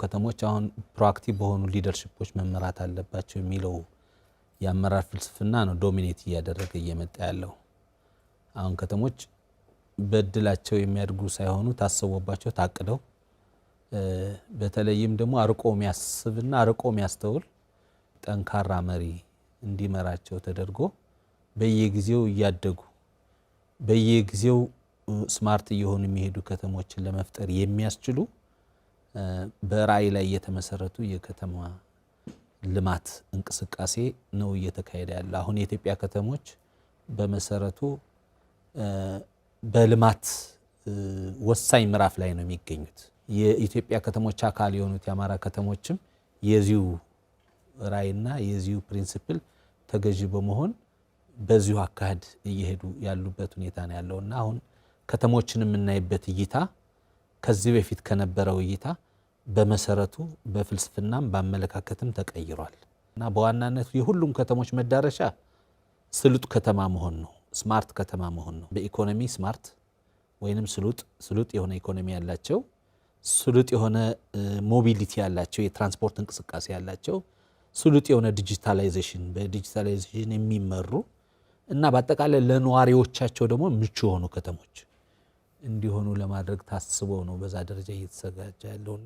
ከተሞች አሁን ፕሮአክቲቭ በሆኑ ሊደርሽፖች መመራት አለባቸው የሚለው የአመራር ፍልስፍና ነው ዶሚኔት እያደረገ እየመጣ ያለው። አሁን ከተሞች በእድላቸው የሚያድጉ ሳይሆኑ ታስቦባቸው ታቅደው በተለይም ደግሞ አርቆ የሚያስብና አርቆ የሚያስተውል ጠንካራ መሪ እንዲመራቸው ተደርጎ በየጊዜው እያደጉ በየጊዜው ስማርት እየሆኑ የሚሄዱ ከተሞችን ለመፍጠር የሚያስችሉ በራዕይ ላይ የተመሰረቱ የከተማ ልማት እንቅስቃሴ ነው እየተካሄደ ያለ። አሁን የኢትዮጵያ ከተሞች በመሰረቱ በልማት ወሳኝ ምዕራፍ ላይ ነው የሚገኙት። የኢትዮጵያ ከተሞች አካል የሆኑት የአማራ ከተሞችም የዚሁ ራዕይና የዚሁ ፕሪንስፕል ተገዢ በመሆን በዚሁ አካሄድ እየሄዱ ያሉበት ሁኔታ ነው ያለው ና አሁን ከተሞችን የምናይበት እይታ ከዚህ በፊት ከነበረው እይታ በመሰረቱ በፍልስፍናም በአመለካከትም ተቀይሯል እና በዋናነት የሁሉም ከተሞች መዳረሻ ስሉጥ ከተማ መሆን ነው፣ ስማርት ከተማ መሆን ነው። በኢኮኖሚ ስማርት ወይንም ስሉጥ ስሉጥ የሆነ ኢኮኖሚ ያላቸው ስሉጥ የሆነ ሞቢሊቲ ያላቸው የትራንስፖርት እንቅስቃሴ ያላቸው ስሉጥ የሆነ ዲጂታላይዜሽን በዲጂታላይዜሽን የሚመሩ እና በአጠቃላይ ለነዋሪዎቻቸው ደግሞ ምቹ የሆኑ ከተሞች እንዲሆኑ ለማድረግ ታስቦ ነው በዛ ደረጃ እየተዘጋጀ ያለውን